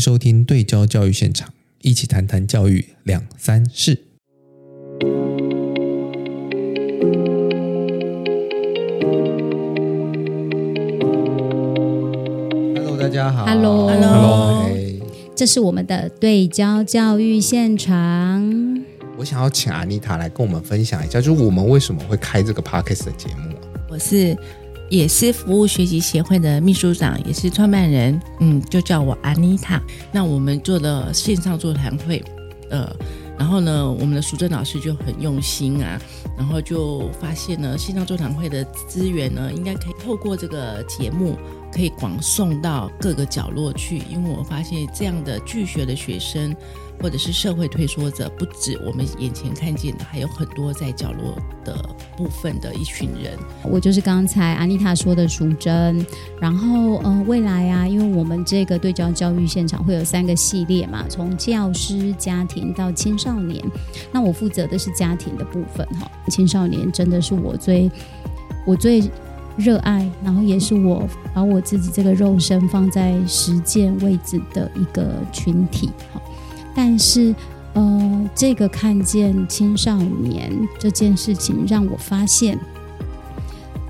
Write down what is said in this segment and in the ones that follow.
收聽對焦教育現場，一起談談教育兩三事。Hello，大家好。Hello，Hello，Hello，hey。這是我們的對焦教育現場。我想要請阿妮塔來跟我們分享一下，就我們為什麼會開這個 Podcast 的節目啊。我是。也是服務學習協會的秘書長，也是創辦人，嗯，就叫我安妮塔。那我們做了線上座談會，呃，然後呢，我們的淑珍老師就很用心啊，然後就發現呢，線上座談會的資源呢，應該可以透過這個節目。可以廣送到各個角落去，因為我發現這樣的拒學的學生，或者是社會退縮者，不止我們眼前看見的，還有很多在角落的部分的一群人。我就是剛才安妮塔說的淑珍，然後嗯、呃，未來啊，因為我們這個對焦教育現場會有三個系列嘛，從教師、家庭到青少年。那我負責的是家庭的部分哈，青少年真的是我最我最，熱愛，然後也是我把我自己這個肉身放在實踐位置的一個群體，哈。但是，呃，這個看見青少年這件事情，讓我發現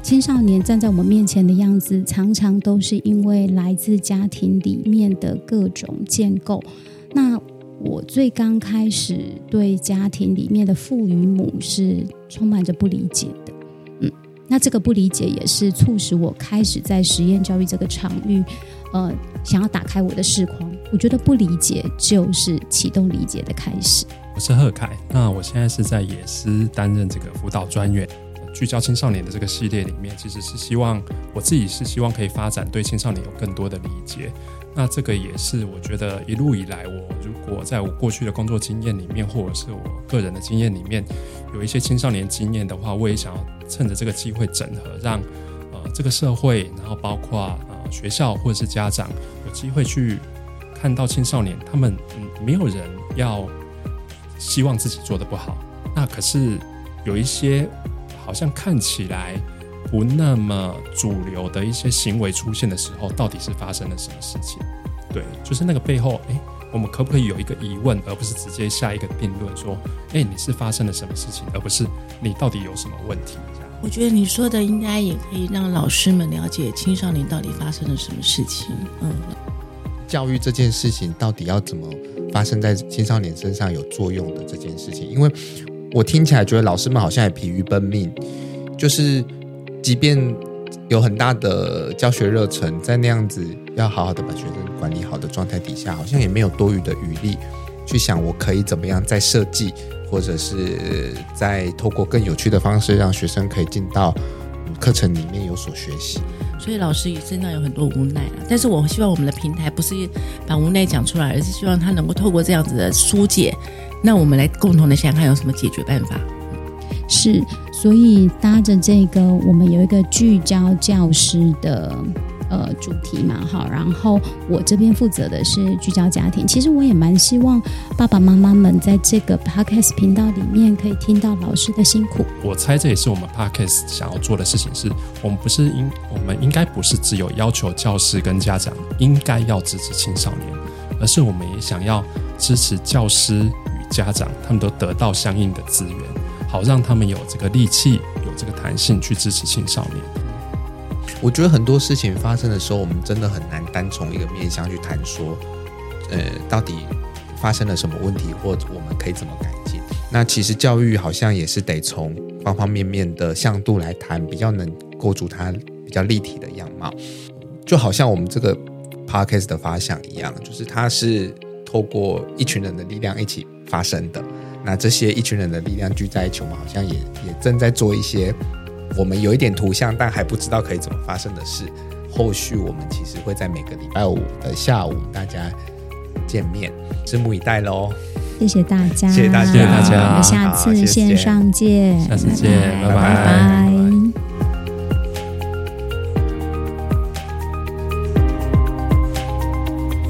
青少年站在我們面前的樣子，常常都是因為來自家庭裡面的各種建構。那我最剛開始對家庭裡面的父與母是充滿着不理解的，嗯。那這個不理解，也是促使我開始在實驗教育這個場域，呃，想要打開我的視框。我覺得不理解就是啟動理解的開始。我是賀凱，那我現在是在也思擔任這個輔導專員。聚焦青少年的這個系列裡面，其實是希望我自己，是希望可以發展對青少年有更多的理解。那這個也是我覺得一路以來，我如果在我過去的工作經驗裡面，或者是我個人的經驗裡面，有一些青少年經驗的話，我也想要趁着這個機會整合，讓呃這個社會，然後包括呃學校或者是家長有機會去看到青少年，他們嗯，沒有人要希望自己做得不好，那可是有一些。好像看起來不那麼主流的一些行為出現的時候，到底是發生了什麼事情？對，就是那個背後，哎、欸，我們可不可以有一個疑問，而不是直接下一個定論說，哎、欸，你是發生了什麼事情，而不是你到底有什麼問題？我覺得你說的應該也可以讓老師們了解青少年到底發生了什麼事情。嗯，教育這件事情到底要怎麼發生在青少年身上有作用的這件事情，因為。我聽起來覺得老師們好像也疲於奔命，就是即便有很大的教學熱忱，在那樣子要好好的把學生管理好的狀態底下，好像也沒有多餘的餘力去想我可以怎麼樣再設計，或者是再透過更有趣的方式，讓學生可以進到課程裡面有所學習。所以老師也身上有很多無奈啊，但是我希望我們的平台不是把無奈講出來，而是希望他能夠透過這樣子的疏解，那我們來共同的想看有什麼解決辦法。是，所以搭着這個，我們有一個聚焦教師的。呃，主題嘛，好，然後我這邊負責的是聚焦家庭。其實我也蠻希望爸爸媽媽們在這個 podcast 頻道裡面可以聽到老師的辛苦。我猜這也是我們 podcast 想要做的事情是，是我們不是應，我們應該不是只有要求教師跟家長應該要支持青少年，而是我們也想要支持教師與家長，他們都得到相應的資源，好讓他們有這個力氣，有這個彈性去支持青少年。我覺得很多事情發生的時候，我們真的很難單從一個面向去談說，呃，到底發生了什麼問題，或者我們可以怎麼改進。那其實教育好像也是得從方方面面的向度來談，比較能勾住它比較立體的樣貌。就好像我們這個 Podcast 的發想一樣，就是它是透過一群人的力量一起發生的。那這些一群人的力量聚在一起，我們好像也也正在做一些。我們有一點圖像，但還不知道可以怎麼發生的事。後續我們其實會在每個禮拜五的下午大家見面，拭目以待嘍。謝謝大家，謝謝大家，我們下次線上見，下次見，拜拜。